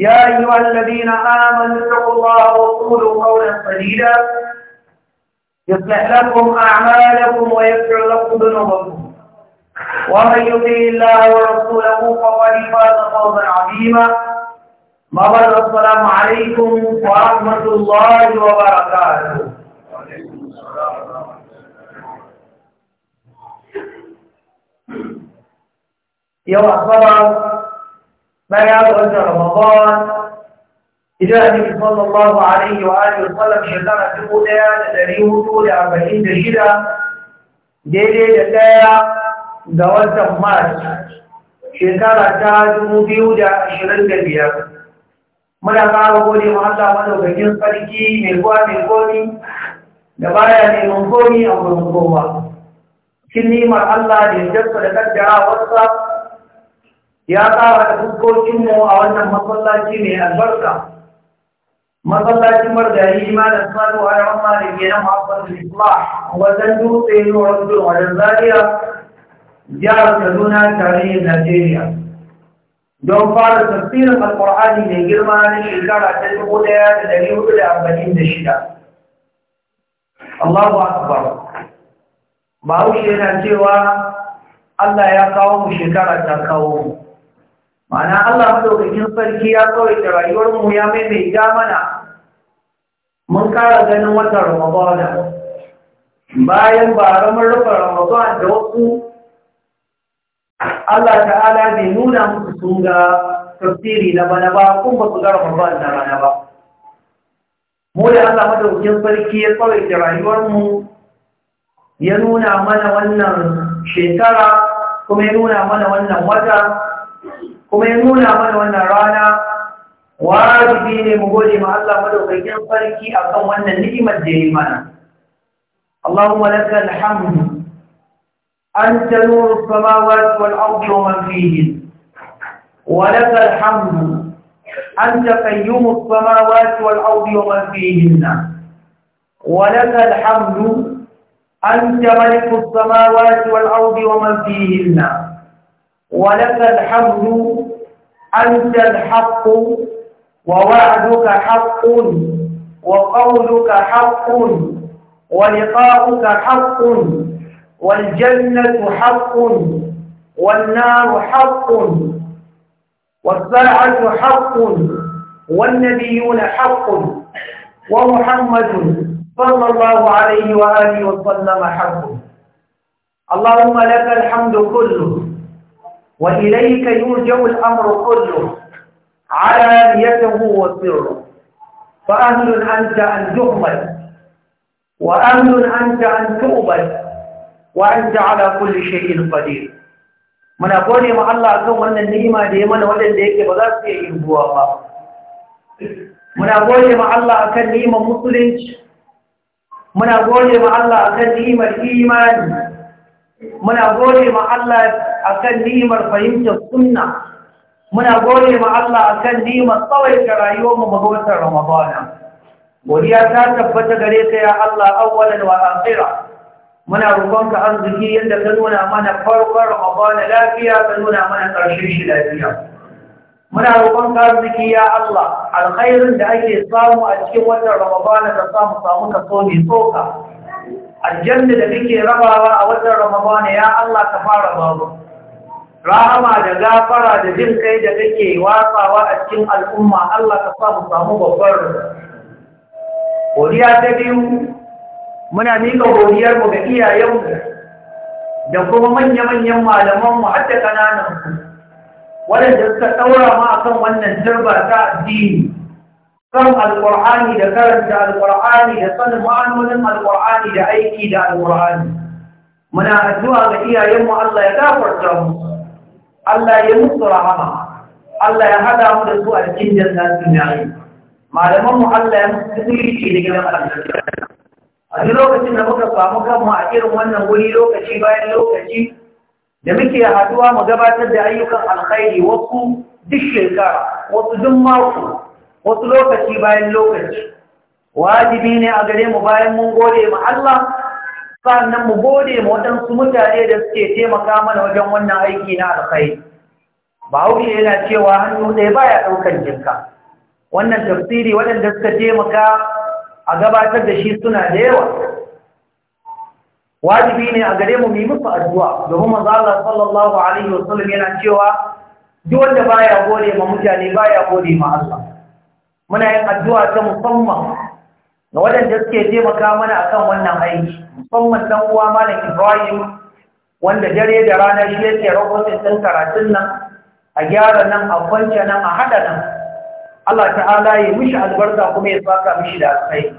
يا أيها الذين آمنوا اتقوا الله وقولوا قولا سديدا يصلح لكم أعمالكم ويغفر لكم ذنوبكم ومن يطع الله ورسوله فقد فاز فوزا عظيما ما بعد السلام عليكم ورحمة الله وبركاته يوم أصحاب ما يعود رمضان إذا النبي صلى الله عليه وآله وسلم شكرا تقولا تتريوتو أربعين تشيدا ديدي لتايا دوالتا مارس شكرا تاجمو بيودا شرد البيع muna ƙara قولي ma Allah madaukakin sarki mai kuwa mai komi ملقوني baya neman كني a gurin kowa. Cikin nimar Allah ya tsara da fuskokinmu a wannan masallaci mai albarka masallacin margari imanin salo a yawan maliki na mahaifar islah wajen dutse ruwan dutse wajen zariya jihar kaduna tarihin najeriya don fara tafsirin alkur'ani mai girma na shekara ta dubu ɗaya da dari hudu da arba'in da shida allahu akbar bahaushe yana cewa allah ya kawo mu shekara ta kawo mu ma'ana Allah madaukakin sarki ya kawai da rayuwarmu ya maimaita mana mun kara ganin watan ramadana bayan ba ramar rufe ramadana da wasu Allah ta'ala bai nuna musu sun ga tafsiri na bana ba kun ba su ga ramadana na bana ba mu da Allah madaukakin sarki ya kawai da rayuwarmu ya nuna mana wannan shekara kuma ya nuna mana wannan wata kuma mana wannan rana wajibi ne mu gode ma Allah madaukakin اللهم لك الحمد أنت نور السماوات والأرض ومن فيهن ولك الحمد أنت قيوم السماوات والأرض ومن فيهن ولك الحمد أنت ملك السماوات والأرض ومن فيهن ولك الحمد أنت الحق ووعدك حق وقولك حق ولقاؤك حق والجنة حق والنار حق والساعة حق والنبيون حق ومحمد صلى الله عليه وآله وسلم حق اللهم لك الحمد كله وإليك يرجع الأمر كله نيته وسره فأهل أنت أن تؤمن وأهل أنت أن تؤبد وأنت على كل شيء قدير من أقول مع الله أكون وأن النعمة دائما ولا ديك بغاس يهبوا الله من أقول مع الله أكون نعمة مسلم من أقول مع الله أكون نعمة إيمان من أقول مع الله akan ni'imar fahimtar sunna muna gode ma Allah a kan ni'imar tsawaita rayuwar mu ga watan Ramadana godiya ta tabbata gare ka ya Allah awwalan wa akhira muna roƙonka arziki yadda ka nuna mana farkon Ramadana lafiya ka nuna mana ƙarshen shi lafiya muna roƙon arziki ya Allah alkhairin da ake samu a cikin wannan Ramadana ta samu samu ka so mai tsoka aljanna da kake rabawa a watan Ramadana ya Allah ka fara babu rahama da gafara da jin kai da kake watsawa a cikin al'umma Allah ka samu samu babbar godiya ta biyu muna miƙa godiyarmu ga iyayenmu da kuma manya-manyan malamanmu har da waɗanda suka ɗaura ma a kan wannan jirba ta addini kan alƙur'ani da karanta alƙur'ani da sanin ma'anonin alƙur'ani da aiki da alƙur'ani muna addu'a ga iyayenmu Allah ya gafarta mu Allah ya musu rahama Allah ya hada mu da su a cikin jannatin mu Allah ya musu tsiri da gidan a duk lokacin da muka samu kanmu a irin wannan wuri lokaci bayan lokaci da muke haduwa mu gabatar da ayyukan alkhairi wasu duk shekara wasu duk mako wasu lokaci bayan lokaci wajibi ne a gare mu bayan mun gode ma Allah nan mu gode ma waɗansu mutane da suke taimaka mana wajen wannan aiki na alkhairi bahaushe yana cewa hannu ɗaya baya ɗaukar jinka wannan tafsiri waɗanda suka taimaka a gabatar da shi suna da yawa wajibi ne a gare mu mu musu addu'a domin manzo Allah sallallahu alaihi wasallam yana cewa duk wanda baya gode ma mutane baya gode ma Allah muna yin addu'a ta musamman Na waɗanda suke taimaka mana a kan wannan aiki musamman ɗan uwa malam Ibrahim wanda dare da rana shi yake rahoton ɗan karatun nan a gyara nan a kwance nan a haɗa nan Allah ta'ala ya mishi albarka kuma ya saka mishi da sai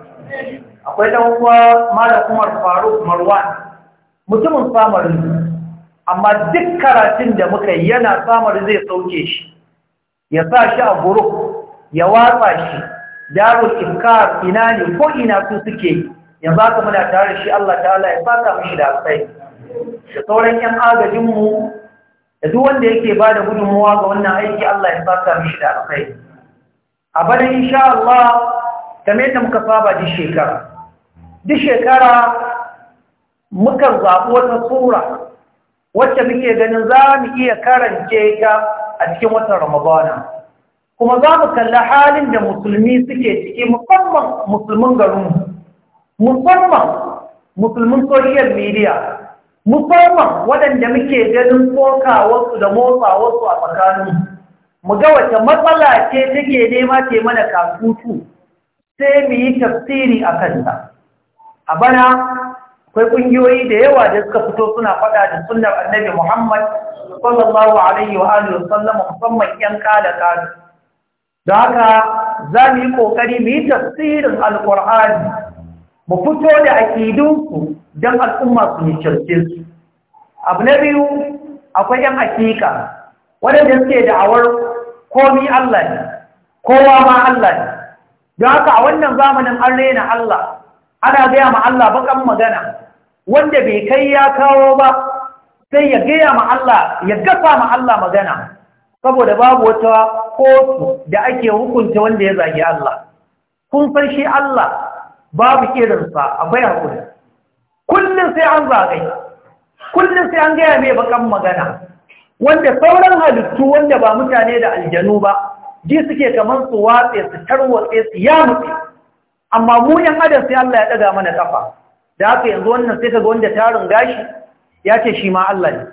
akwai ɗan uwa malam Umar Faruk Marwan mutumin samarin amma duk karatun da muka yana samar zai sauke shi ya sa shi a guru ya watsa shi darul inkar ina ne ko ina su suke yanzu haka muna tare shi Allah ta'ala ya saka mishi da sai da sauran yan agajin mu da duk wanda yake ba da gudunmuwa ga wannan aiki Allah ya saka mishi da sai a bada insha Allah kamar yadda muka saba duk shekara duk shekara muka zaɓi wata sura wacce muke ganin za mu iya karance ta a cikin watan Ramadana kuma za mu kalli halin da musulmi suke ciki musamman musulmin garinmu musamman musulmin social media musamman waɗanda muke ganin wasu da wasu a tsakanin mu ga wace matsala ce take nema ce mana kasutu sai mu yi tafsiri a kanta a bana akwai ƙungiyoyi da yawa da suka fito suna faɗa da sunnar annabi muhammad sallallahu alaihi wa alihi musamman yan kada kada da haka za mu yi ƙoƙari mu yi tafsirin alƙur'ani mu fito da aƙidunsu don al'umma su yi su abu na biyu akwai ‘yan aƙiƙa, waɗanda suke da'awar komi Allah ne kowa ma Allah ne don haka a wannan zamanin an rena Allah ana gaya ma Allah bakan magana wanda bai kai ya kawo ba sai ya gaya ma Allah ya gafa ma Allah magana saboda babu wata kotu da ake hukunta wanda ya zagi Allah kun san shi Allah babu a akwai hakuri kullum sai an zagai kullum sai an gaya mai bakan magana wanda sauran halittu wanda ba mutane da aljanu ba ji suke kamar su watse su tarwatse su ya mutu amma mu adam sai Allah ya daga mana ƙafa, da haka yanzu wannan sai kaga wanda tarin gashi ya ce shi ma Allah ne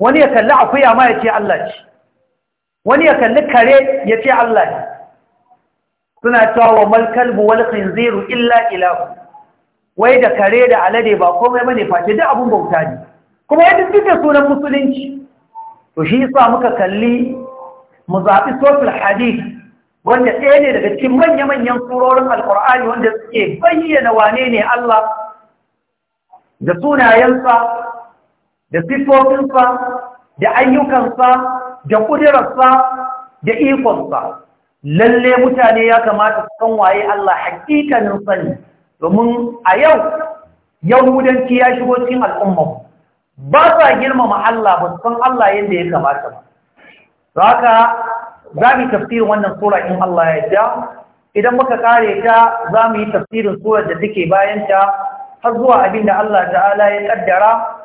wani ya kalli akuya ma ya ce Allah ce wani ya kalli kare ya ce Allah ne suna cewa wa malkalbu wal khinziru illa ilahu wai da kare da alade ba komai bane face duk abun bauta ne kuma yadda duk da sunan musulunci to shi yasa muka kalli mu zaɓi sotul hadith wanda ɗaya ne daga cikin manya-manyan surorin alkur'ani wanda suke bayyana wane ne Allah da sunayensa da siffofinsa da ayyukansa da ƙudurarsa da ikonsa lalle mutane ya kamata su san waye Allah hakikanin sani domin a yau yahudanci ya shigo cikin al'ummar ba sa girmama Allah ba san Allah yadda ya kamata ba haka za mu yi tafsirin wannan sura in Allah ya ja? idan muka kare ta za mu yi tafsirin surar da take bayanta har zuwa abin da Allah ta'ala ya kaddara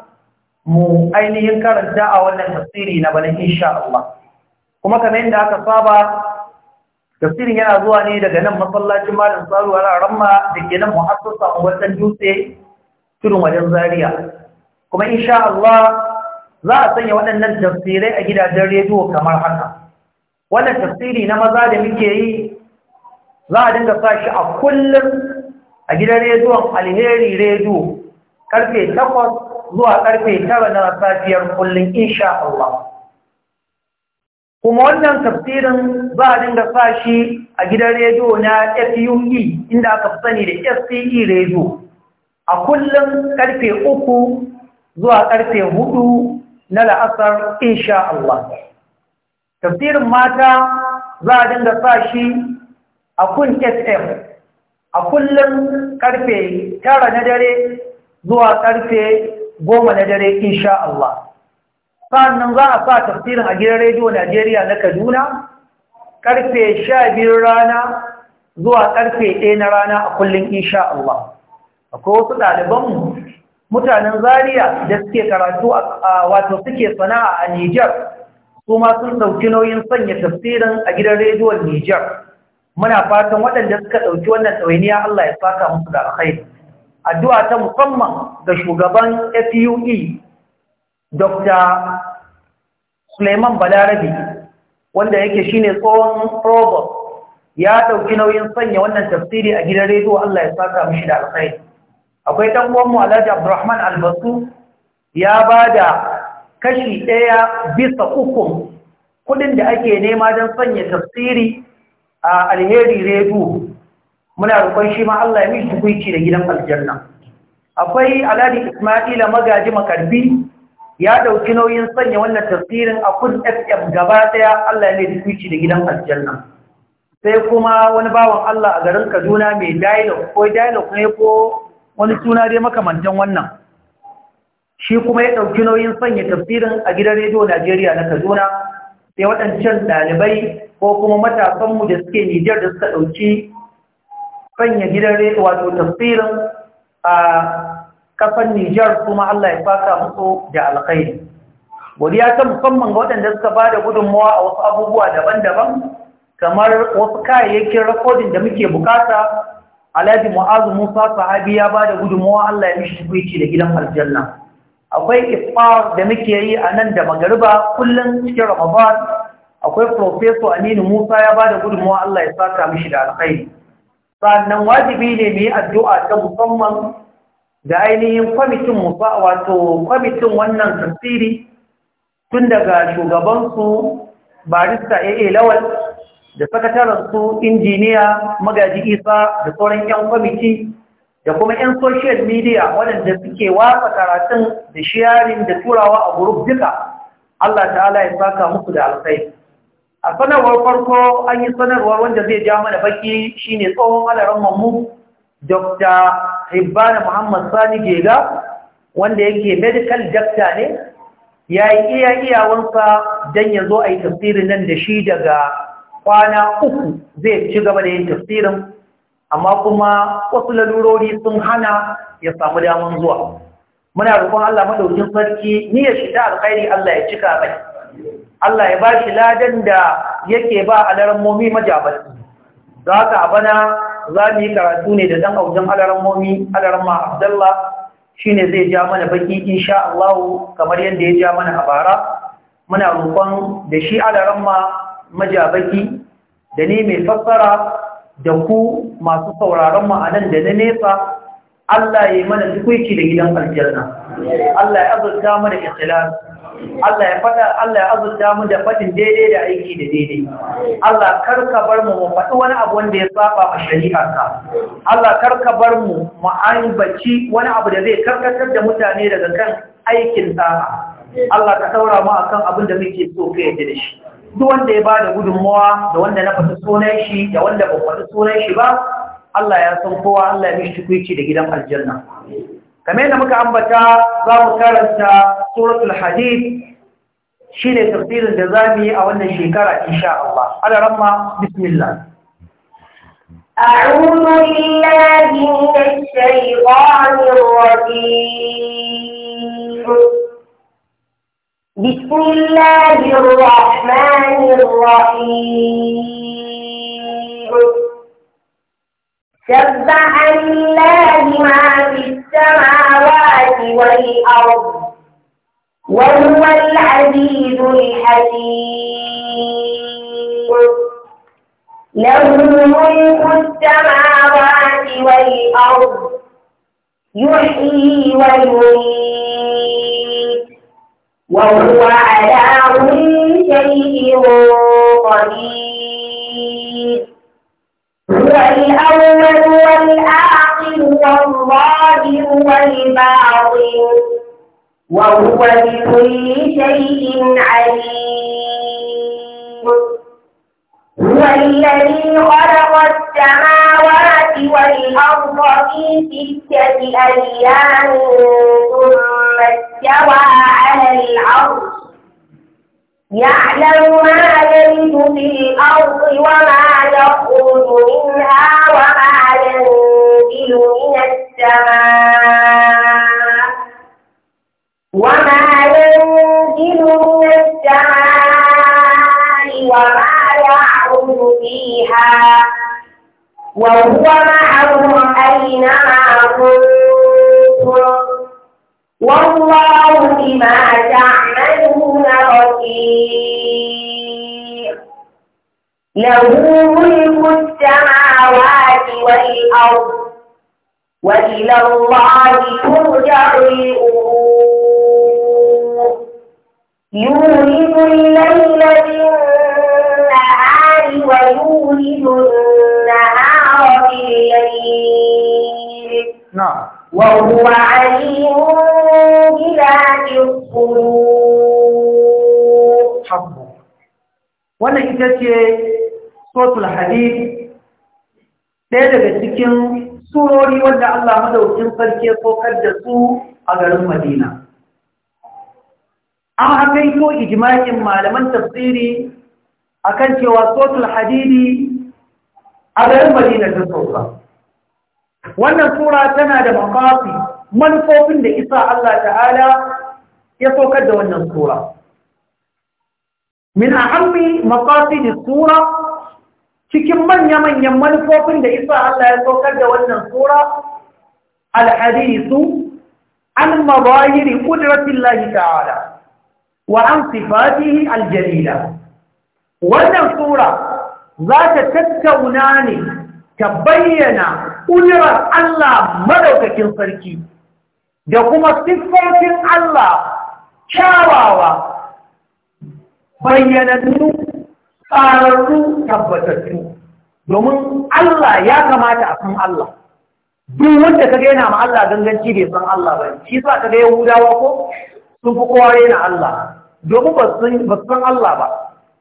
mu ainihin karanta a wannan tafsiri na bana insha Allah kuma kamar yadda aka saba tafsirin yana zuwa ne daga nan masallacin malam salu a ramma da ke nan muhassasa a wannan dutse tudun wajen zaria kuma insha Allah za a sanya waɗannan tafsirai a gidajen rediyo kamar haka wannan tafsiri na maza da muke yi za a dinga sa shi a kullum a gidan rediyon alheri rediyo karfe 8. zuwa ƙarfe tara na safiyar kullum insha Allah kuma wannan tafsirin za a dinga sa shi a gidan rediyo na FUE inda aka sani da FCE rediyo a kullum karfe uku zuwa karfe hudu na la'asar insha Allah tafsirin mata za a dinga sa shi a kun FM a kullum karfe tara na dare zuwa karfe goma na dare insha Allah sannan za a sa tafsirin a gidan rediyo Najeriya na Kaduna karfe sha biyu rana zuwa karfe ɗaya na rana a kullum insha Allah akwai wasu ɗalibanmu mutanen Zaria da suke karatu a wato suke sana'a a Nijar ma sun ɗauki nauyin sanya tafsirin a gidan rediyon Nijar muna fatan waɗanda suka ɗauki wannan ɗawainiya Allah ya saka musu da alkhairi addu'a ta musamman ga shugaban FUE Dr. Suleiman Balarabi wanda yake shine tsohon provost ya ɗauki nauyin sanya wannan tafsiri a gidan rediyo Allah ya saka mishi da alkhairi akwai dan uwanmu Alhaji Abdulrahman Albasu ya bada kashi ɗaya bisa uku kuɗin da ake nema don sanya tafsiri a alheri rediyo muna roƙon shi ma Allah ya mishi tukuici da gidan aljanna akwai aladi Ismaila magaji makarbi ya dauki nauyin sanya wannan tafsirin a kun FM gaba daya Allah ya ne tukuici da gidan aljanna sai kuma wani bawan Allah a garin Kaduna mai dialogue ko dialogue ne ko wani suna dai makamantan wannan shi kuma ya dauki nauyin sanya tafsirin a gidan rediyo Najeriya na Kaduna sai waɗancan dalibai ko kuma matasanmu da suke Nijar da suka ɗauki sanya gidan rediyo wato tafsirin a kafan Nijar kuma Allah ya faka musu da alkhairi godiya ta musamman ga waɗanda suka ba da gudunmawa a wasu abubuwa daban-daban kamar wasu kayayyakin rakodin da muke bukata alhaji mu'azu musa sahabi ya ba da gudunmawa allah ya mishi tukuici da gidan aljanna akwai ifar da muke yi a nan da magariba kullum cikin ramadan akwai profeso aminu musa ya ba da gudunmawa allah ya saka mishi da alkhairi sannan wajibi ne mu yi addu'a ta musamman da ainihin kwamitin musa wato kwamitin wannan tasiri tun daga shugabansu barista AA Lawal da sakataransu injiniya magaji Isa da sauran 'yan kwamiti da kuma 'yan social media waɗanda suke watsa karatun da shiyarin da turawa a guruf duka Allah ta'ala ya saka musu da alkhairi a sanarwar farko an yi sanarwar wanda zai ja mana baki shine tsohon alaran mu Dokta hibbana muhammad sani gega wanda yake medical dokta ne ya yi iya iyawansa don ya zo a yi tafsirin nan da shi daga kwana uku zai ci gaba da yin tafsirin amma kuma wasu lalurori sun hana ya samu daman zuwa muna rukun allah maɗaukin sarki ni ya ta alkhairi allah ya cika mai Allah ya ba shi ladan da yake ba alarammomi majabarci za ka a bana za mu yi karatu ne da dan aujan momi, alaramma abdallah shi shine zai ja mana baki insha Allah kamar yadda ya ja mana a bara muna roƙon da shi alaramma majabaki da ni mai fassara da ku masu sauraron ma'anan da na nesa Allah ya yi mana tukuici da gidan aljanna Allah ya azurta mana ikhlas Allah ya fada Allah ya azurta mu da faɗin daidai da aiki da daidai Allah kar ka bar mu mu faɗi wani abu wanda ya saba ma ka. Allah kar ka bar mu mu wani abu da zai karkatar da mutane daga kan aikin da'a Allah ka saura mu akan abin da muke so ka yadda da shi duk wanda ya bada gudunmawa da wanda na faɗi sunan shi da wanda ba faɗi sunan shi ba Allah ya san kowa Allah ya mishi tukuici da gidan aljanna kamar yadda muka ambata za mu karanta suratul hadid shine tafsirin da za mu yi a wannan shekara insha Allah ala ramma bismillah أعوذ بالله من الشيطان الرجيم بسم الله الرحمن الرحيم سبح لله ما في السماوات والأرض وهو العزيز الحكيم له ملك السماوات والأرض يحيي ويميت وهو على كل شيء قدير هو الأول والآخر والظاهر والباطن وهو بكل شيء عليم هو الذي خلق السماوات والأرض في ستة أيام ثم استوى على العرش يعلم ما يلد في الأرض وما يخرج منها وما ينزل من السماء وما ينزل من السماء وما يعرض فيها وهو معهم أينما كنتم والله بما تعملون بصير له ملك السماوات والأرض وإلى الله ترجع الأمور يولد الليل في النهار ويولد النهار في الليل نعم وهو عليم بذات الصدور حبه وانا اتاكي صوت الحديث ɗaya daga cikin surori wanda Allah madaukin sarki ya sokar da su a garin Madina. An haka yi ko ijima'in malaman tafsiri akan cewa sotul hadidi a garin Madina ta sauka. wannan sura tana da makafi manufofin da isa Allah ta'ala ya saukar da wannan sura min ahammi makafi da sura cikin manya-manyan manufofin da isa Allah ya saukar da wannan sura alhadisu an mabayiri ƙudratillahi ta'ala wa an sifatihi aljalila wannan sura za ta tattauna ne ta bayyana ƙuniyar Allah madaukakin sarki da kuma siffofin Allah kyawawa bayyanannu tsararru tabbatattu domin Allah ya kamata a san Allah duk wanda ka yana ma Allah ganganci bai san Allah ba shi sa ka ga Yahudawa ko sun fi kowa na Allah domin ba su san Allah ba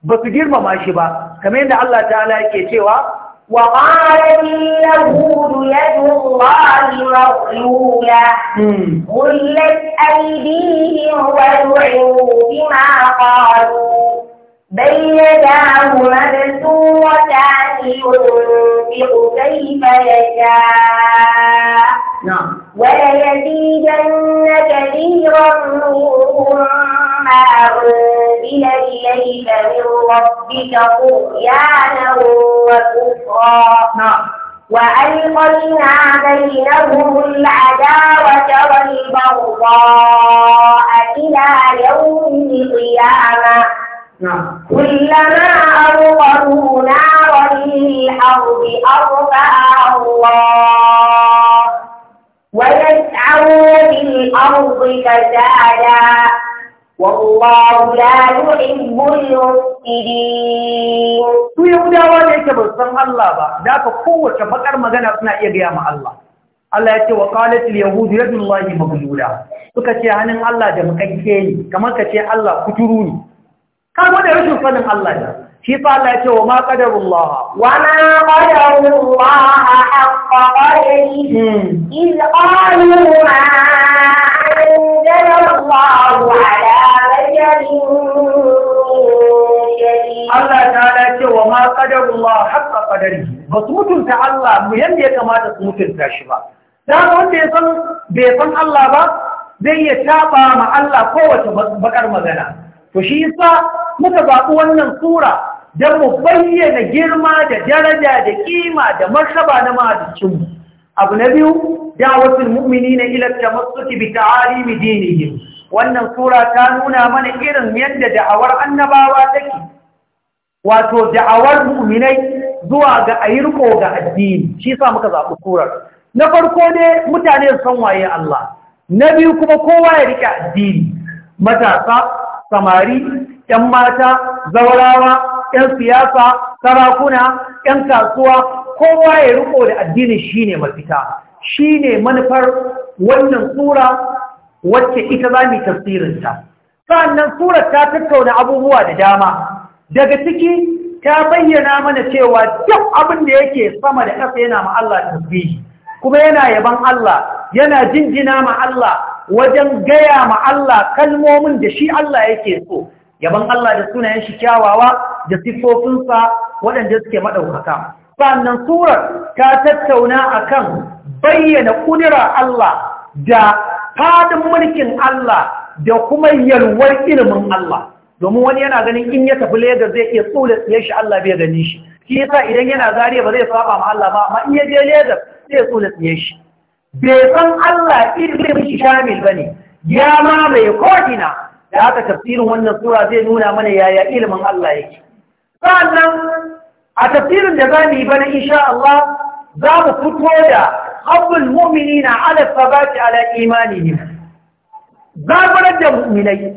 ba su girmama shi ba kamar yadda Allah ta'ala yake cewa وقالت اليهود يد الله مغلولة غلت أيديهم ولعنوا بما قالوا بل يداه مبسوطتان ينفق كيف يشاء نعم وليزيدن كثيرا منهم ما أنزل إليك من ربك طغيانا وكفرا نعم وألقينا بينهم العداوة والبغضاء إلى يوم القيامة نعم. كلما أوقدوا نارا للحرب أرفعها الله ويسعون في الأرض فسادا والله لا يحب المفسدين su yahudawa ne yake ba san Allah ba da ka kowace bakar magana suna iya gaya ma Allah Allah ya ce wa qalat al yahud yadullahi maghlula suka ce hannun Allah da makakke ne kamar ka ce Allah kuturu ne Ka da rashin sanin Allah da shi fa Allah ya ce wa ma qadarullah wa ma qadarullah haqqa qadarihi hmm. iz qalu ma anzalallahu ala Allah ta da ce wa ma qadarullah haqqa qadarihi ba su mutunta Allah mu yanda ya kamata su mutunta shi ba dan wanda ya san bai san Allah ba zai iya taba ma Allah kowace bakar magana to shi yasa muka zaɓi wannan sura don mu bayyana girma da daraja da kima da martaba na mahadicinmu abu na biyu da'awatul mu'minina ila tamassuki bi ta'alimi dinihim wannan sura ta nuna mana irin yadda da'awar annabawa take wato da'awar mu'minai zuwa ga ayirko ga addini shi yasa muka zaɓi surar na farko ne mutane san waye Allah na biyu kuma kowa ya rike addini matasa samari ‘yan mata zaurawa ‘yan siyasa sarakuna ‘yan kasuwa kowa ya riko da addini shine mafita shine manufar wannan tsura wacce ita za mu tasirinta. sa'annan surar ta tattauna abubuwa da dama daga ciki ta bayyana mana cewa duk abin da yake sama da ƙasa yana ma Allah tasiri, kuma yana yaban Allah yana jinjina ma Allah wajen gaya ma Allah kalmomin da shi Allah yake so yaban Allah da sunayen shi kyawawa da siffofinsa waɗanda suke maɗaukaka sannan surar ta tattauna akan bayyana ƙudura Allah da fadin mulkin Allah da kuma yalwar ilimin Allah domin wani yana ganin in ya tafi Legas zai iya tsula tsaye shi Allah bai gani shi shi yasa idan yana zariya ba zai saba ma Allah ba amma in ya je Legas zai tsula tsaye shi bai san Allah ilmin shamil bane ya mamaye kodina da haka tafsirin wannan sura zai nuna mana yaya ilimin Allah yake sannan a tafsirin da za mu yi bana insha Allah za mu fito da habbul mu'minina ala sabati ala ne zaburar da mu'minai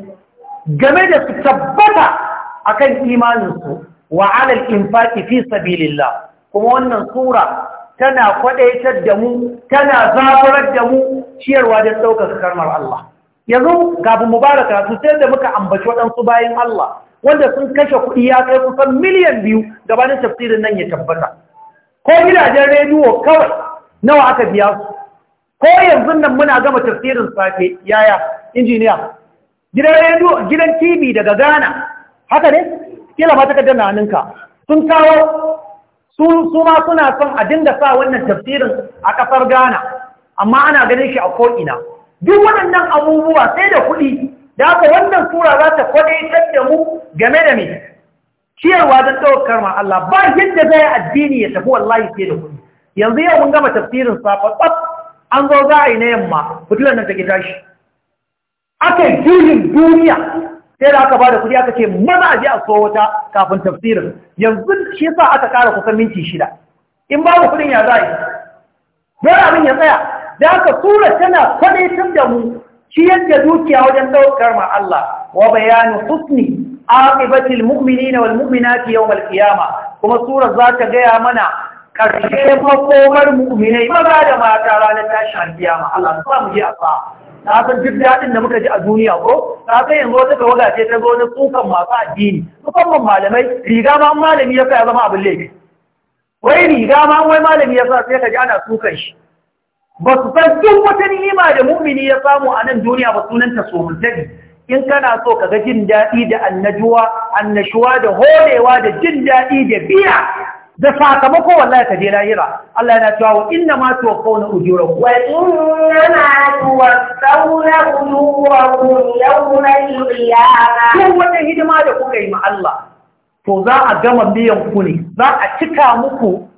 game da su tabbata akan imaninsu wa ala al-infaqi fi sabilillah kuma wannan sura tana kwadaitar da mu tana zafarar da mu ciyarwa don ɗaukaka karmar Allah yanzu kafin mubaraka su, sai da muka ambaci waɗansu bayan Allah wanda sun kashe kuɗi ya kai kusan miliyan biyu gabanin tafsirin nan ya tabbata ko gidajen rediyo kawai nawa aka biya su ko yanzu nan muna gama tafsirin safe yaya injiniya gidan rediyo gidan tv daga ghana haka ne kila ma takardar hannunka sun kawo su ma suna son a dinga sa wannan tafsirin a ƙasar Ghana amma ana ganin shi a ko'ina duk waɗannan abubuwa sai da kuɗi da haka wannan sura za ta kwadaitar da mu game da mai ciyarwa don ɗaukar ma Allah ba yadda zai addini ya tafi wallahi sai da kuɗi yanzu yau mun gama tafsirin safatsaf an zo za a yi na yamma fitilar nan ta gida shi aka yi duniya sai da aka da kuɗi aka ce maza a je a so wata kafin tafsirin yanzu shi sa aka ƙara kusan minti shida in babu kuɗin ya za yi abin ya tsaya da aka sura tana kwadaitar da mu shi yadda dukiya wajen ɗaukar ma Allah wa bayanin husni aqibatil mu'minina wal mu'minati al qiyama kuma sura za ta gaya mana karshe makomar mu'minai maza da mata ranar tashin alkiyama Allah ta mu je a na san duk daɗin da muka ji a duniya ko na san yanzu wata tawaga ce ta zo na tsukan masu addini musamman malamai riga ma malami ya sa ya zama abin laifi wai riga ma wai malami ya sa sai ka ji ana tsukan shi ba su san duk wata ni'ima da mu'mini ya samu a nan duniya ba sunanta somuntari in kana so ka ga jin daɗi da annajuwa annashuwa da horewa da jin daɗi da biya da sakamako wallahi ka je lahira Allah yana cewa wa inna ma tuwaffawna ujurakum wa inna ma tuwaffawna ujurakum yawmal qiyamah duk wannan hidima da kuka yi ma Allah to za a gama biyan ku ne za a cika muku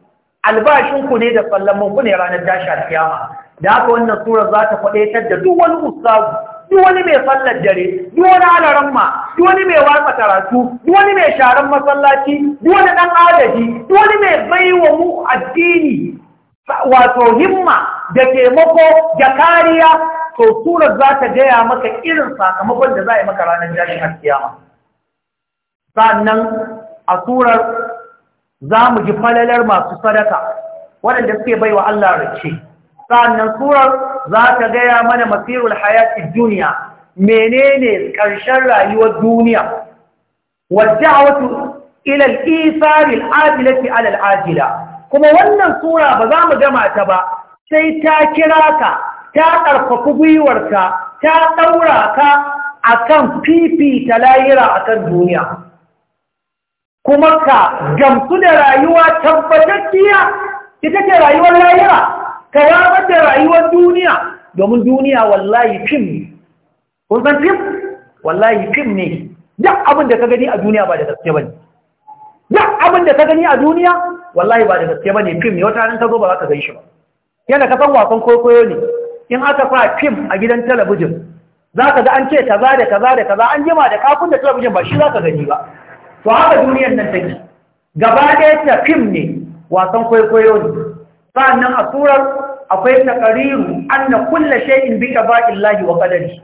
albashin ku ne da sallaman ku ne ranar tashi alkiyama da haka wannan sura za ta faɗaitar da duk wani ustazu wani mai sallar dare wani alaran ma wani mai watsa karatu wani mai sharan masallaci wani ɗan adadi wani mai baiwa mu addini wato himma da taimako da kariya to surar za ta gaya maka irin sakamakon da za a yi maka ranar jami'in alkiyama sannan a surar za mu ji falalar masu sadaka waɗanda suke baiwa Allah race sannan surar za ta gaya mana masirul hayati duniya menene ƙarshen rayuwar duniya wadda'awatu ila ilal isaril ajilati ala al kuma wannan sura ba za mu gama ta ba sai ta kira ka ta ƙarfafi gwiwarka ta ɗaura ka akan fifita layira akan duniya kuma ka gamsu da rayuwa tabbatacciya ita ce rayuwar layira ka wabar da rayuwar duniya domin duniya wallahi fim ne kun san fim wallahi fim ne duk abin da ka gani a duniya ba da gaske bane duk abin da ka gani a duniya wallahi ba da gaske bane fim ne wata ranar ka zo ba za ka gan shi ba yana ka san wasan kwaikwayo ne in aka fa fim a gidan talabijin za ka ga an ce kaza da kaza da kaza an jima da kafin da talabijin ba shi za ka gani ba to haka duniyar nan take gaba ɗaya ta fim ne wasan kwaikwayo ne nan a turar akwai an da kulle sha'in bi lahi wa qadari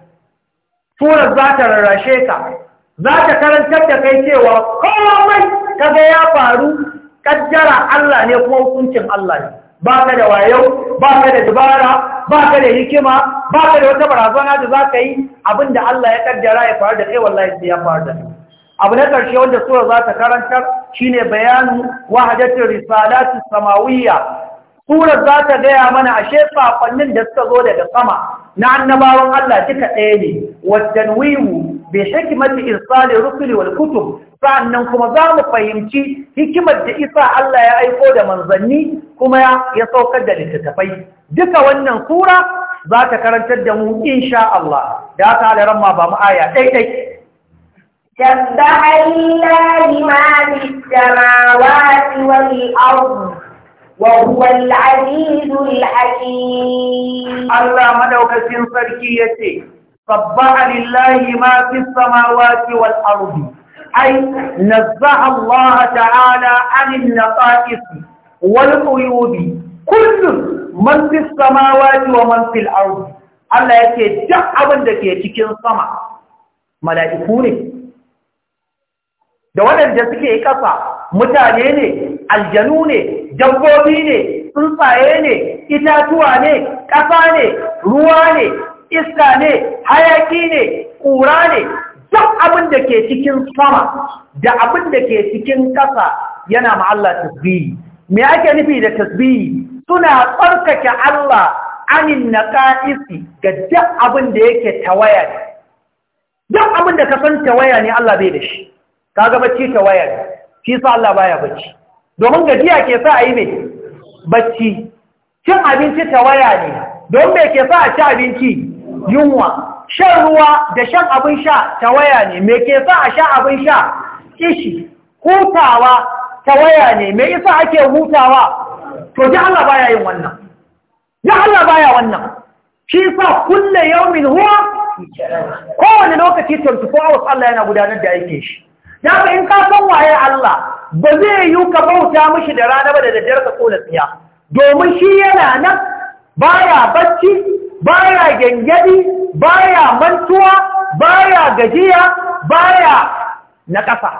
Turar za ta rarrashe ka za ta karantar da kai cewa mai kaga ya faru ƙaddara Allah ne kuma hukuncin Allah ne ba ka da wayo ba ka da dubara ba ka da hikima ba ka da wata barazana da za ka yi abinda Allah ya ƙaddara ya faru da kai wallahi sai ya faru da abu na ƙarshe wanda sura za ta karantar shine bayanu wahadatul risalatu samawiyya surar za ta gaya mana ashe safannin da suka zo daga sama na annabawan Allah duka ɗaya ne watanwiwu bai hikmati irsali rusuli wal kutu sa'annan kuma za mu fahimci hikimar da isa Allah ya aiko da manzanni kuma ya saukar da littattafai duka wannan sura za ta karantar da mu insha Allah da ta da ramma ba mu aya ɗaiɗai Jamba Allah ما ma وهو العزيز الحكيم الله مدوك مدوكسين يتي صبع لله ما في السماوات والأرض أي نزع الله تعالى عن النقائص والقيود كل من في السماوات ومن في الأرض Allah ya ce, "Duk abin da ke cikin sama, mala’iku ne, da waɗanda suke ƙasa mutane ne aljanu ne dabbobi ne tsuntsaye ne itatuwa ne ƙasa ne ruwa ne iska ne hayaki ne ƙura ne duk abin da ke cikin sama da abin da ke cikin ƙasa yana ma'alla tasbihi me ake nufi da tasbihi suna tsarkake Allah anin ƙa'isi ga duk abin da yake tawaya ne duk abin da ka san tawaya ne Allah bai da shi kaga bacci tawaya ne shi sa Allah baya bacci domin gajiya ke sa a yi mai bacci cin abinci ta waya ne don mai ke sa a ci abinci yunwa shan ruwa da shan abin sha ta waya ne mai ke sa a sha abin sha kishi hutawa ta waya ne mai isa ake hutawa to ji Allah baya yin wannan ji Allah baya wannan shi sa kulle yaumin huwa kowane lokaci 24 hours Allah yana gudanar da aikin shi da ka in ka san waye Allah ba zai yi ka bauta mashi da rana ba da daddare ka kola tsiya domin shi yana nan baya bacci baya gengedi baya mantuwa baya gajiya baya na ƙasa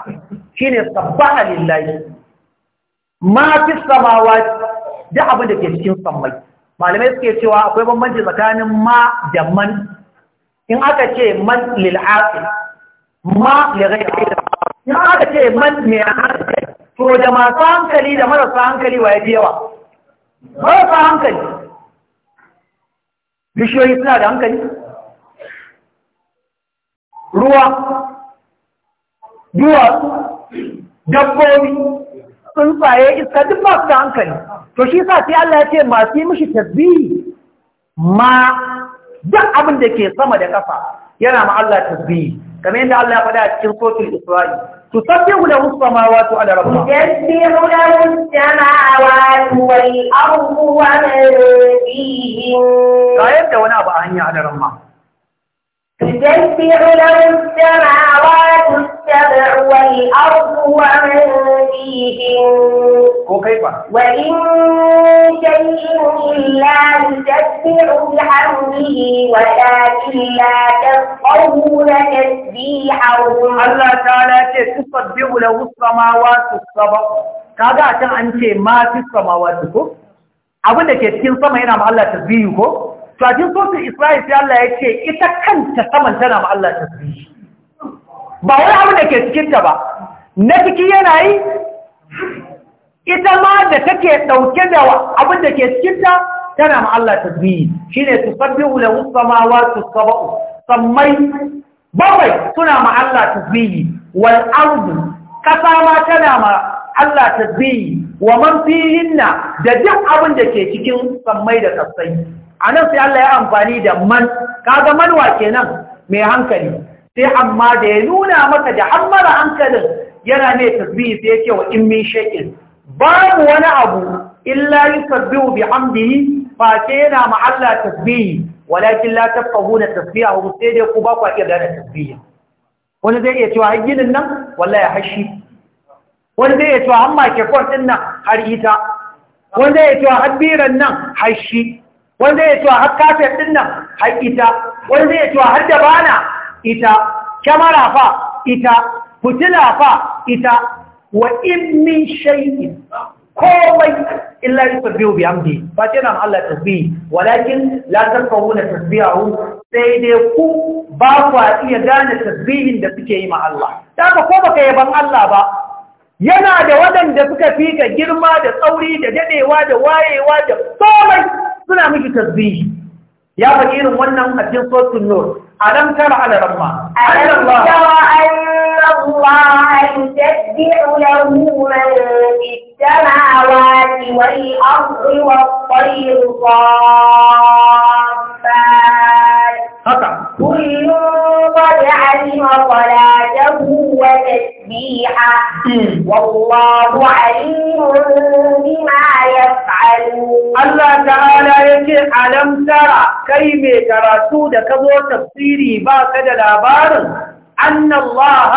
shine sabbaha lillahi ma fi samawati da abin da ke cikin sammai malamai suke cewa akwai bambanci tsakanin ma da man in aka ce man lil'aqil ma li ghayri in aka ce man me hankali to da masu hankali da marasa hankali wa ya fi marasa hankali bishiyoyi suna da hankali ruwa duwa, dabbobi tsuntsaye iska duk masu da hankali to shi sa sai Allah ya ce masu yi mishi tasbihi ma duk abin da ke sama da ƙasa yana ma Allah tasbihi كما ان faɗa a cikin suratul isra'i tusabbihu lahu as-samawati wal ardu yasbihu lahu as-samawati wal ardu wa man fihim ga yadda wani abu a hanya da ramma تسبح له السماوات السبع والأرض ومن فيهن وكيف وإن شيء إلا يسبح بحمده ولكن لا تفقهون تسبيحهم الله تعالى تسبح له السماوات السبع kaga a can an ce ma fi samawa ko abin da ke cikin sama yana ma Allah tasbihu ko to a sosin Isra'il sai Allah ya ce ita kanta saman tana ma Allah ta ba wani abin da ke cikinta ba na ciki yana yi ita ma da take ɗauke da abin da ke cikinta tana ma Allah ta zuyi shi ne su sabbi ulawun samawa su saba'u sammai bakwai suna ma Allah ta zuyi wal ardu kasa ma tana ma Allah ta zuyi wa man fihinna da duk abin da ke cikin sammai da sassai a nan sai Allah ya amfani da man kaga manwa kenan mai hankali sai amma da ya nuna maka da hammara hankalin yana ne tasbihi sai ya ce wa in min shay'in babu wani abu illa yusabbihu bihamdihi fa ce yana ma Allah tasbihi walakin la tafqahuna tasbihahu sai dai ku ba ku iya gane tasbihi wani zai iya cewa har ginin nan wallahi hashi wani zai iya cewa amma ke kon din nan har ita wani zai iya cewa har biran nan hashi wanda ya cewa har kafet ɗin nan har ita wanda ya cewa har dabana ita kyamara fa ita fitila fa ita wa in min shay'in komai illa yusabbihu bihamdi ba ce nan Allah tasbih walakin la tafawuna tasbihahu sai dai ku ba ku iya gane tasbihin da suke yi ma Allah daga ko baka yaban Allah ba yana da waɗanda suka fika girma da tsauri da daɗewa da wayewa da komai suna miki tasbihi ya faɗi irin wannan a cikin suratul nur alam tara ala ramma ala allah الله يسبح له من في السماوات والأرض والطير صافات كل قد علم صلاته وتسبيحا والله عليم بما يفعلون الله تعالى يكي ألم ترى كيمي تراتو دكبو تفسيري باكد الأبار أن الله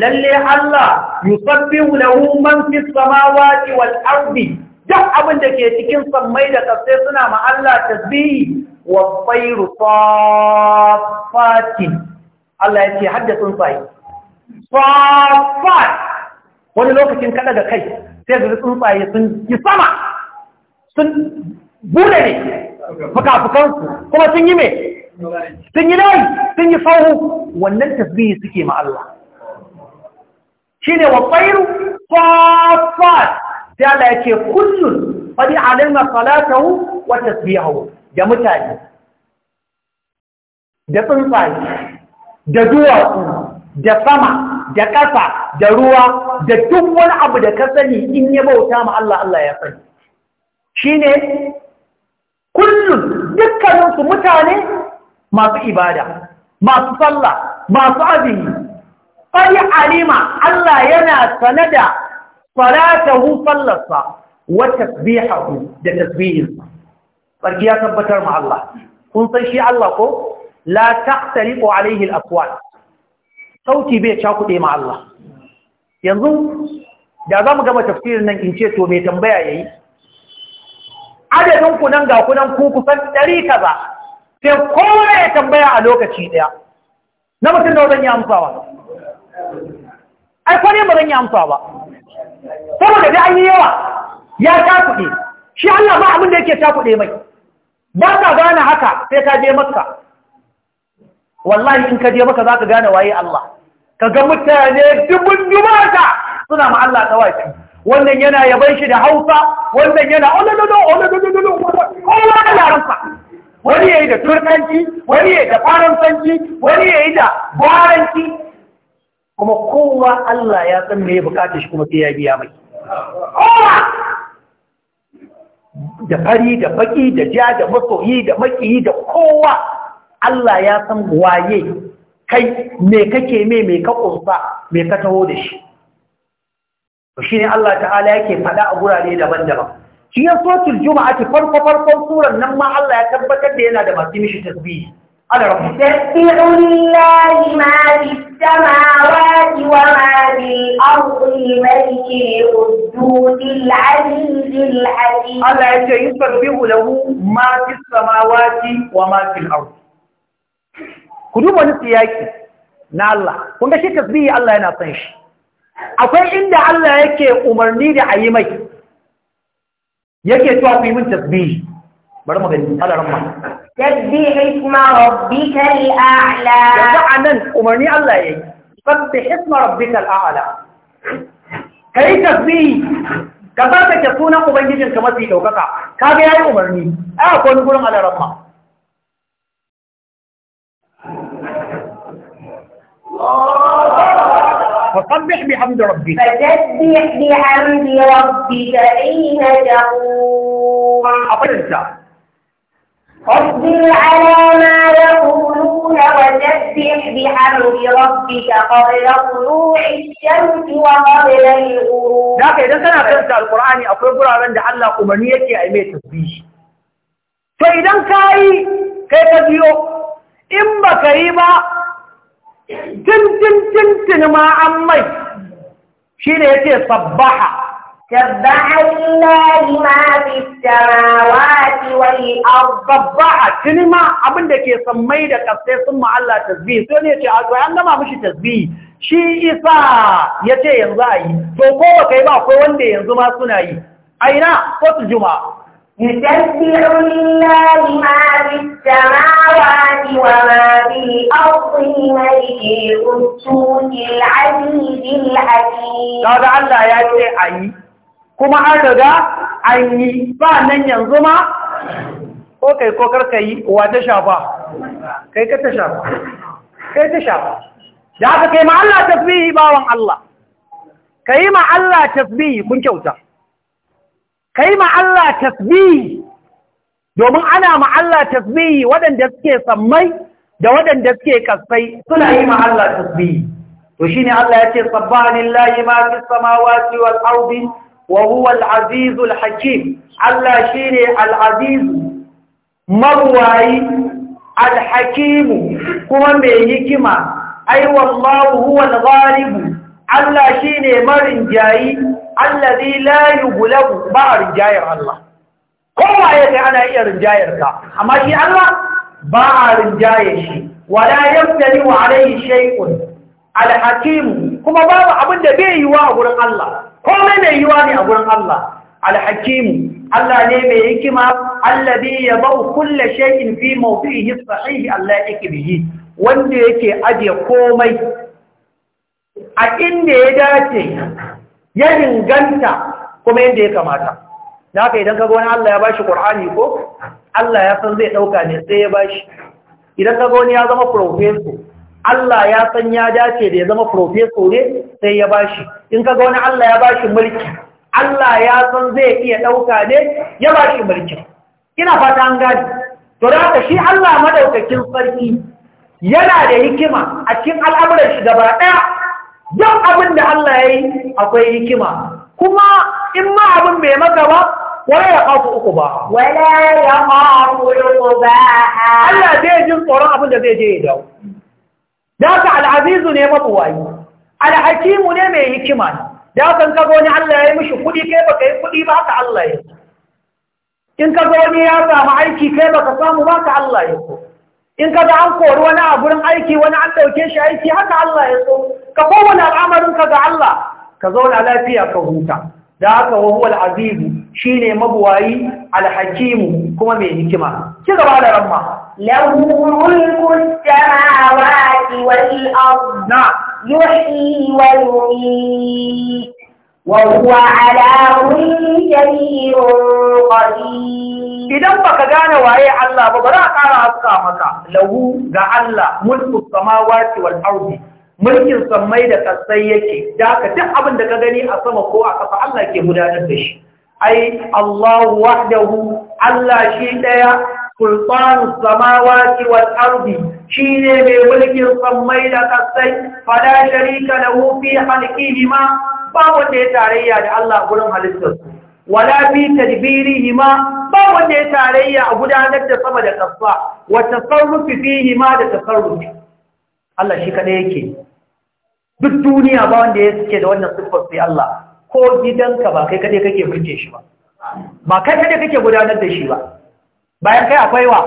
للي الله يصبه له من في السماوات والأرض duk abin da ke cikin sammai da kasai suna ma Allah tasbihi wa tsairu safatin Allah ya ce hadda tsuntsaye safat wani lokacin kada da kai sai da tsuntsaye sun yi sama sun bude ne fukafukansu kuma sun yi mai sun yi nai sun yi sauhu wannan tasbihi suke ma shi shine wa tsairu safat sai Allah yake kullun faɗi alimma salatahu wa tasbihahu da mutane da tsuntsaye da duwatsu da sama da ƙasa da ruwa da duk wani abu da ka sani in ya bauta ma Allah Allah ya sani shine kullum dukkaninsu mutane masu ibada masu sallah masu azumi qari alima Allah yana sanada salatahu sallarsa wata tasbihahu da tasbihinsa sarki ya tabbatar ma Allah kun san shi Allah ko la taqtaliqu alaihi al sauti bai cakuɗe ma Allah yanzu da za mu gama tafsirin nan in ce to mai tambaya ya yi adadin kunan ga kunan ku kusan ɗari kaza sai kowa ya tambaya a lokaci ɗaya na mutum da zan yi amsawa ai kwane ba zan yi amsa ba saboda da an yi yawa ya cakuɗe shi Allah ba abin da yake cakuɗe mai ba ka gane haka sai ka je maka. wallahi in ka je maka za ka gane waye Allah ga mutane dubun dubata suna ma Allah dawaki wannan yana yaban shi da Hausa wannan yana oladodo kowa da wani da turkanci wani da faransanci wani da gwaranci kuma kowa Allah ya san me ya bukata shi kuma sai ya biya mai kowa da fari da baƙi da ja da masoyi da maƙiyi da kowa Allah ya san waye kai me kake me me ka kurfa me ka taho da shi to Allah ta'ala yake faɗa a gurare daban-daban shi ya so juma'a ki farko farko suran nan ma Allah ya tabbatar da yana da masu mishi tasbih ala rabbi tasbihu lillahi ma fis samawati wa ma bil ardi maliki quddusil azizil hakim Allah ya yusabbihu lahu ma fis samawati wa ma fil ardi ku duba wani siyaki na Allah kun ga shi tasbihi Allah yana son shi akwai inda Allah yake umarni da a yi mai yake cewa ku yi min tasbihi bari mu gani Allah rahma tasbihi isma rabbika al-a'la yanzu anan umarni Allah yayi tasbih isma rabbika al-a'la kai tasbihi ka saka sunan ubangijinka mafi ga ya yi umarni ko akwai gurin Allah rahma فسبح بحمد ربك فسبح بحمد ربك حين تقول أقلت فاصبر على ما يقولون وسبح بحمد ربك قبل طلوع الشمس وقبل الغروب. لكن إذا سنة فهمت القرآن أقول قرآن عند الله أمنيتي أي ميت تسبيح. فإذا كاي كيف تجيو؟ إما كريمة tintintintin ma an mai shi ne yake sabbaha سبح لله ما في السماوات والأرض سبح شنو abin da ke sammai da kasai sun ma Allah tasbih sai ne yace an gama mishi tasbih shi isa yace yanzu ayi to ko baka yi ba akwai wanda yanzu ma suna yi aina kotu juma'a يسبح لله ما في السماوات وما في الأرض ملك القدوس العزيز الحكيم هذا الله يأتي أي كما أتغى أي فأنا ينظم ko kai ko karka yi wa ta shafa kai ka ta shafa kai ta shafa da haka kai ma Allah tasbihi bawan Allah kai ma Allah tasbihi kun kyauta kai ma Allah tasbihi domin ana ma Allah tasbihi waɗanda suke sammai da waɗanda suke kasai suna yi ma Allah tasbihi to shine Allah ya ce subhana lillahi ma fis samawati wal wa azizul hakim Allah shine al aziz mawai al kuma mai hikima ai wallahu huwal ghalib Allah shine marin jayi allazi la yughlabu ba a rinjayar Allah kowa ya kai ana iya rinjayar ka amma shi Allah ba a rinjaye shi wala yamtani wa alayhi shay'un Alhakimu kuma babu abin da bai yiwa a gurin Allah komai mai yiwa ne a gurin Allah Alhakimu Allah ne mai hikima allazi yabau kulle shay'in fi yi, sahihi Allah ya bihi wanda yake aje komai a inda ya dace ya inganta kuma yadda ya kamata na haka idan ka wani Allah ya bashi Qur'ani ko Allah ya san zai ɗauka ne sai ya bashi idan kaga wani ya zama profeso, Allah ya san ya dace da ya zama profeso ne sai ya bashi in ka wani Allah ya bashi mulki Allah ya san zai iya ɗauka ne ya bashi mulki ina fata an gani to da haka shi Allah madaukakin sarki yana da hikima a cikin al'amuran shi gaba ɗaya. Don abin da Allah ya yi akwai hikima kuma in ma abin bai maka ba wala ya kafu uku ba wala ya kafu uku ba Allah zai jin tsoron abin da zai je ya dawo da haka al'azizu ne mabuwayi alhakimu ne mai hikima ne da kan kaga wani Allah ya yi mishi kuɗi kai baka yi kuɗi ba haka Allah ya in kaga wani ya samu aiki kai baka samu ba ka Allah ya so in ka ga an kori wani a gurin aiki wani an ɗauke shi aiki haka Allah ya so ka kowane al'amarin ka ga Allah ka zauna lafiya ka huta da haka wahuwal azizu shine mabuwayi alhakimu kuma mai hikima Ki gaba da ramma lahu mulku samawati wal ard yuhyi wa yumiit wa huwa ala kulli shay'in qadir idan baka gane waye Allah ba ba za a ƙara haska maka lahu ga Allah mulku samawati wal ardi mulkin sammai da kasai yake da haka duk abin da ka gani a sama ko a kafa Allah ke gudanar da shi ai allahu wahdahu Allah shi daya sultanu samawati wal ardi shine mai mulkin sammai da kasai fala sharika lahu fi khalqihi ma ba wanda ya tarayya da Allah gurin halittarsa wala fi tadbirihima ba wanda ya tarayya a gudanar da sama da ƙasa wa tasarrufi fihima da tasarrufi Allah shi kada yake duk duniya ba wanda ya suke da wannan siffar sai Allah ko gidanka ba kai kada kake mulke shi ba ba kai kada kake gudanar da shi ba bayan kai akwai wa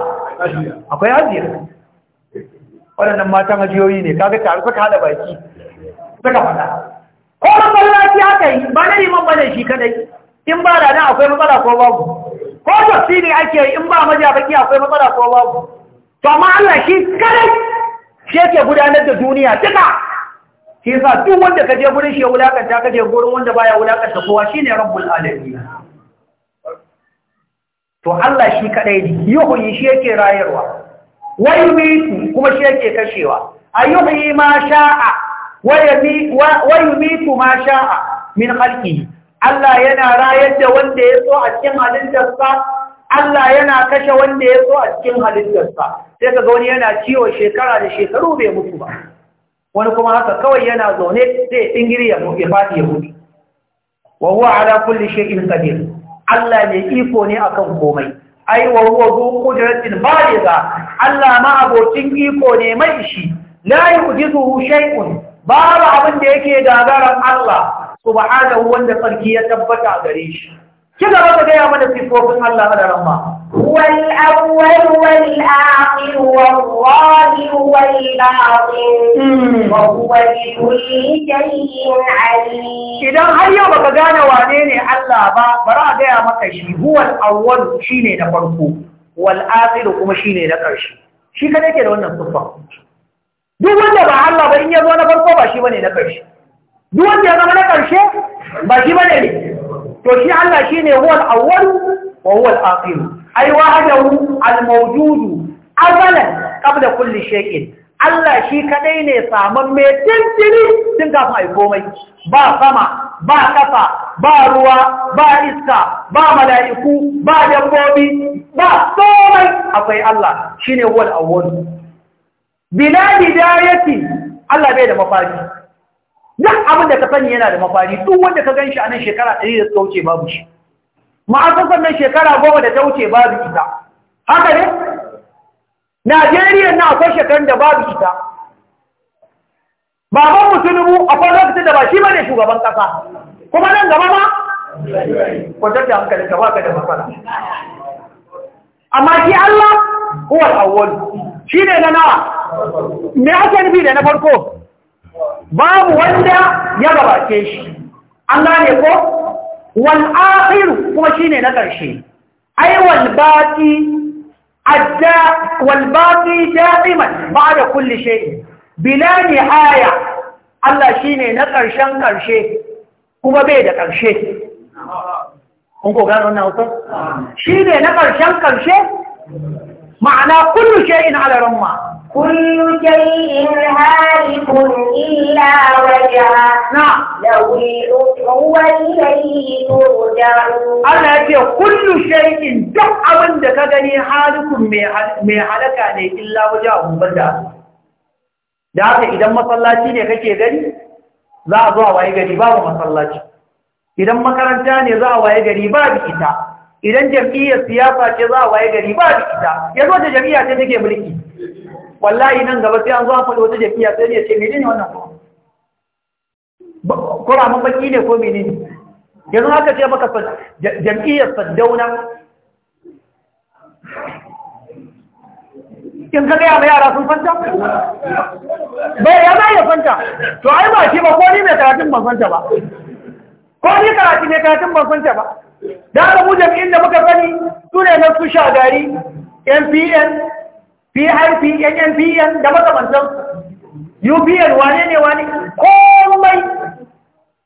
akwai hajiya wannan matan hajiyoyi ne kaga tare suka hada baki saka fada ko masallaci haka yi ba na liman bane shi kadai in ba da nan akwai matsala ko babu ko tafsiri ake yi in ba maja baki akwai matsala ko babu to amma Allah shi kadai shi yake gudanar da duniya duka shi yasa duk wanda kaje gurin shi ya wulakanta kaje gurin wanda baya wulakanta kowa shine rabbul alamin to Allah shi kadai ne yuhyi shi yake rayarwa Wai mitu kuma shi yake kashewa ayuhyi ma sha'a wa yumitu ma sha'a min khalqihi Allah yana rayar da wanda ya so a cikin halittarsa, Allah yana kashe wanda ya so a cikin halittarsa, sai ka ga wani yana ciwo shekara da shekaru bai mutu ba, wani kuma haka kawai yana zaune zai ɗingiri ya faɗi ya mutu. Wa huwa ala kulli shay'in qadir. Allah mai iko ne akan komai. Ai wa huwa zu qudratin baligha. Allah ma abokin iko ne mai shi. La yujizuhu shay'un. Babu abin da yake gagarar Allah. subhanahu wanda sarki ya tabbata gare shi ki gaba ka gaya mana sifofin Allah da ramma wal awwal wal akhir wal zahir wal batin hmm. wa huwa kulli shay'in alim idan har yau baka gane wane ne Allah ba bara a gaya maka shi huwal awwal shine na farko wal akhir kuma shine na karshe shi kada da wannan sifa duk wanda ba Allah ba in ya zo na farko ba shi bane na karshe duk wanda ya zama na ƙarshe ba shi ba ne ne. to shi Allah shi ne huwal awwal wa huwal akhir ai wahdahu al mawjud azalan qabla kulli shay'in Allah shi kadai ne saman mai tintini tun kafin ai komai ba sama ba kafa ba ruwa ba iska ba mala'iku ba dabbobi ba komai akwai Allah shine huwal awwal bila bidayati Allah bai da mafari duk abin da ka sani yana da mafari duk wanda ka ganshi a nan shekara ɗari da suka wuce babu shi san nan shekara goma da ta wuce babu ita haka ne najeriya na akwai shekarun da babu ita baban musulmu akwai lokacin da ba shi bane shugaban ƙasa kuma nan gaba ma kwatar da hankali ka baka da matsala amma shi Allah huwal awwal ne na nawa me ake nufi da na farko babu wanda ya gabace shi Allah ne ko wal akhiru kuma shine na karshe ai wal baqi adda wal baqi da'iman ba'da kulli shay bila nihaya Allah shine na karshen karshe kuma bai da karshe kun ko gano wannan hausa shine na karshen karshe ma'ana kullu shay'in ala ramma كل شيء هالك إلا وجهه نعم له الحكم وإليه ترجعون أنا أتي كل شيء دق أبن دكاني هالك مي هلكا إلا وجهه بدا da haka idan masallaci ne kake gani za a zuwa waye gari babu masallaci idan makaranta ne za a waye gari babu ita idan jam'iyyar siyasa ce za a waye gari babu ita zo da jam'iyya ce take mulki wallahi nan gaba sai an zo an faɗi wata jafiya sai ne ce menene wannan ko kuramin baki ne ko menene yanzu haka ce maka jam'iyyar saddauna in ka gaya ma yara sun fanta? bai ya zai ya fanta to ai ba ce ba ko ni mai karatun ban fanta ba ko ni karatu mai karatun ban fanta ba da ga mu jam'iyyar da muka sani su ne na su shagari npn PIP, NNP da makamantan UPN wane ne wane komai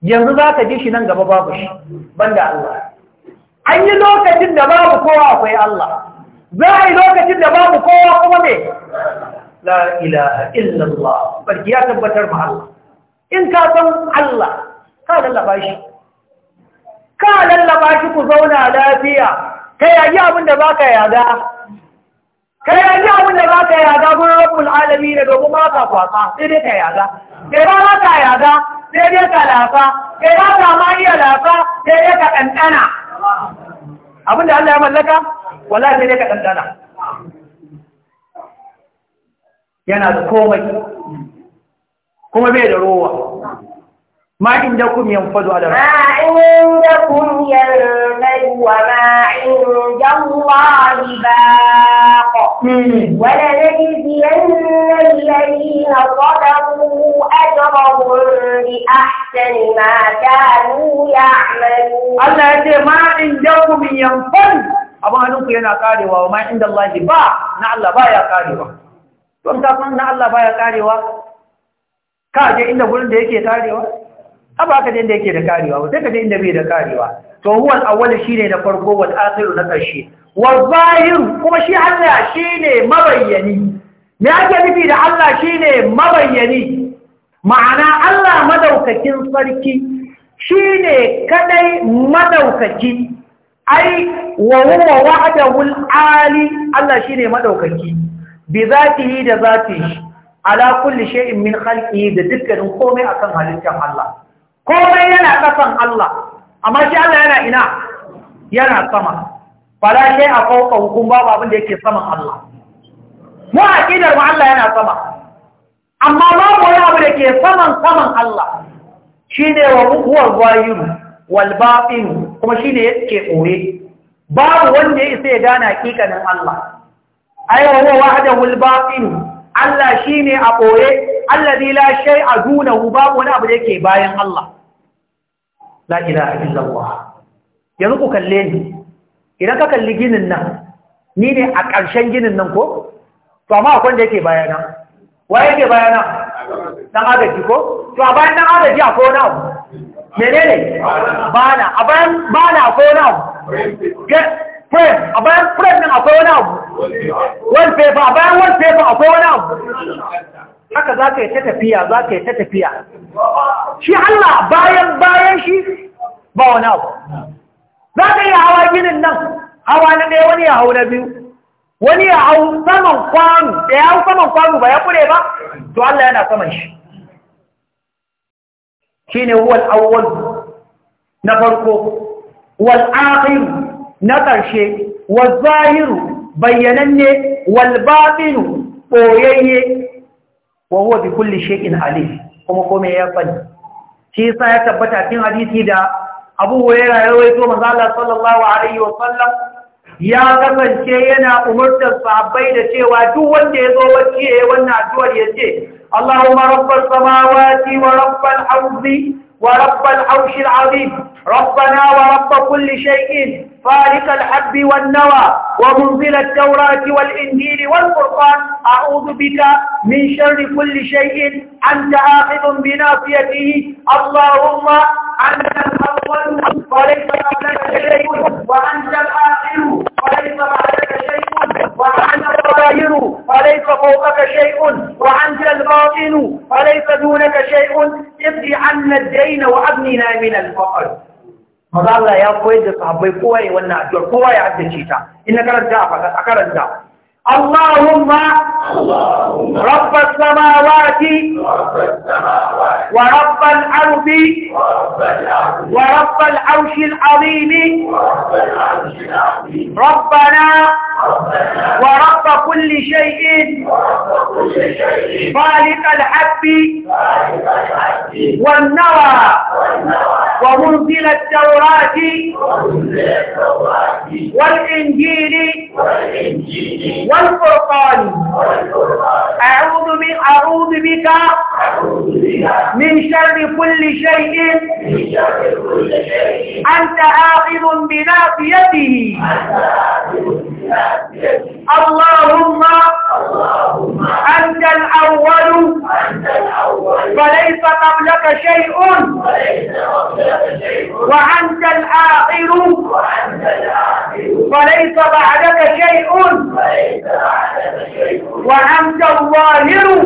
yanzu za ka ji shi nan gaba babu shi banda Allah an yi lokacin da babu kowa akwai Allah za a yi lokacin da babu kowa kuma ne la ilaha illallah barki ya tabbatar ma Allah in ka san Allah ka lallaba shi ka lallaba shi ku zauna lafiya ka yayi abin da ka yada? kai ya ji abin da za ka yaga gurin rabbul alami ne domin ba ka kwasa sai dai ka yaga sai ba za ka yaga sai dai ka lafa sai ba ka ma iya lafa sai dai ka ɗanɗana abin da Allah ya mallaka wala sai dai ka ɗanɗana yana da komai kuma bai da rowa ما عندكم ينفذ على ما عندكم ينفذ وما عند الله باق ولنجزين الذين صدقوا أجرهم بأحسن ما كانوا يعملون الله يقول ما عندكم ينفذ أبو هنوك ينا قادوا وما عند الله باق نعلا الله بايا قادوا وانت أقول نعلا بايا قادوا كاجة إلا قلن ديكي قادوا aba ka inda yake da karewa ba sai ka inda bai da karewa to huwal awwal shine na farko wal akhir na karshe wal zahir kuma shi Allah shine mabayyani me ake nufi da Allah shine mabayyani ma'ana Allah madaukakin sarki shine kadai madaukaki ai wa huwa wahdahu al-ali Allah shine madaukaki bi zatihi da zatihi ala kulli in min khalqihi da dukkanin komai akan halittar Allah komai yana ƙasan Allah amma shi Allah yana ina yana sama fala shay a babu abin da yake saman Allah mu aqidar mu Allah yana sama amma babu wani abu da ke saman saman Allah ne wa huwa zahir wal batin kuma ne yake ƙore, babu wanda ya isa ya gane hakikanin Allah ai wa huwa wahdahu Allah shi ne a ɓoye, Allah zai lashe a dunahu babu wani abu da yake bayan Allah. La ilaha illallah. Yanzu ku kalle ni, idan ka kalli ginin nan, ni ne a ƙarshen ginin nan ko? To, amma akwai da yake bayana. Wa yake bayana? Dan agaji ko? To, a bayan ɗan agaji a kona abu. Menene? Bana. A bayan bana a kona abu. Get, a bayan friend nan a kona abu. wallpaper bayan wallpaper akwai wani abu haka za ka yi ta tafiya za ka yi ta tafiya shi Allah bayan bayan shi ba wani abu za ka yi hawa ginin nan hawa na ɗaya wani ya hau na biyu wani ya hau saman kwanu da ya hau saman kwanu ba ya kure ba to Allah yana saman shi shi ne wal awwal na farko wal akhir na ƙarshe wal zahiru bayyananne wal batinu boyayye wa huwa bi kulli shay'in alif kuma komai ya sani shi ya tabbata cikin hadisi da Abu Hurairah ya rawaito manzo Allah sallallahu alaihi wa sallam ya kasance yana umurtar sahabbai da cewa duk wanda ya zo bacci yayin wannan addu'ar ya ce Allahumma rabbas samawati wa rabbal ardi ورب العرش العظيم ربنا ورب كل شيء فارق الحب والنوى ومنزل التوراة والإنجيل والقرآن أعوذ بك من شر كل شيء أنت آخذ بناصيته اللهم أنت الأول وليس بعدك شيء وأنت الآخر وليس بعدك شيء وأنت الظاهر فليس فوقك شيء وأنت الباطن فليس دونك شيء ابدي عنا الدين وأبننا من الفقر هذا الله يقول صحبه قوي وانا أجور قوي عبد الشيطان إنك رجع فقط أكرا رجع اللهم رب السماوات ورب الأرض ورب العرش العظيم ربنا ورب كل شيء خالق الحب والنوى ومنزل التوراة والإنجيل والفرقان أعوذ بك أعوذ بك من شر كل شيء أنت آخذ بنافيته اللهم أنت الأول فليس قبلك شيء وأنت الآخر فليس بعدك شيء وأنت الظاهر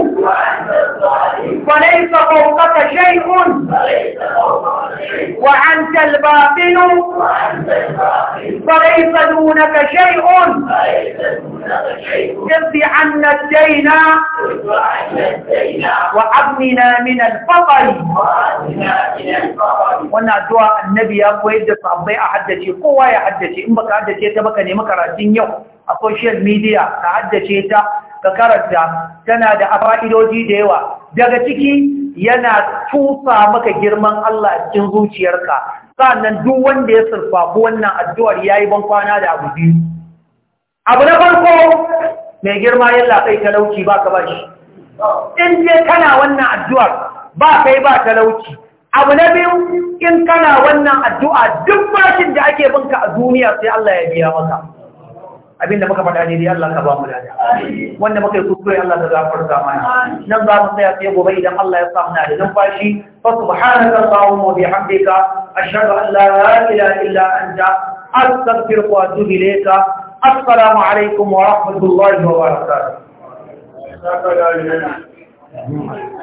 فليس فوقك شيء وأنت الباطن فليس دونك شيء ارض عنا الدينا وعبنا من الفضل وانا دعاء النبي يا ابو يدفع الضيء حدثي قوة يا حدثي انبك حدثي يتبكني مكرا دين يوم a social media ka haddace ta ka karanta tana da fa'idoji da yawa daga ciki yana tufa maka girman Allah a cikin zuciyarka sannan duk wanda ya surfafi wannan addu'ar yayi ban kwana da abu biyu abu na farko mai girma yalla kai talauci ba ka bashi in je kana wannan addu'ar ba kai ba talauci abu na biyu in kana wannan addu'a duk bashin da ake binka a duniya sai Allah ya biya maka abinda muka faɗa ne dai Allah ka ba mu wanda muka yi kuskure Allah ka gafarta mana nan za mu tsaya sai gobe idan Allah ya sa muna da numfashi fa subhanaka allahumma wa bihamdika ashhadu an la ilaha illa anta astaghfiruka wa atubu ilayka assalamu alaikum wa rahmatullahi wa barakatuh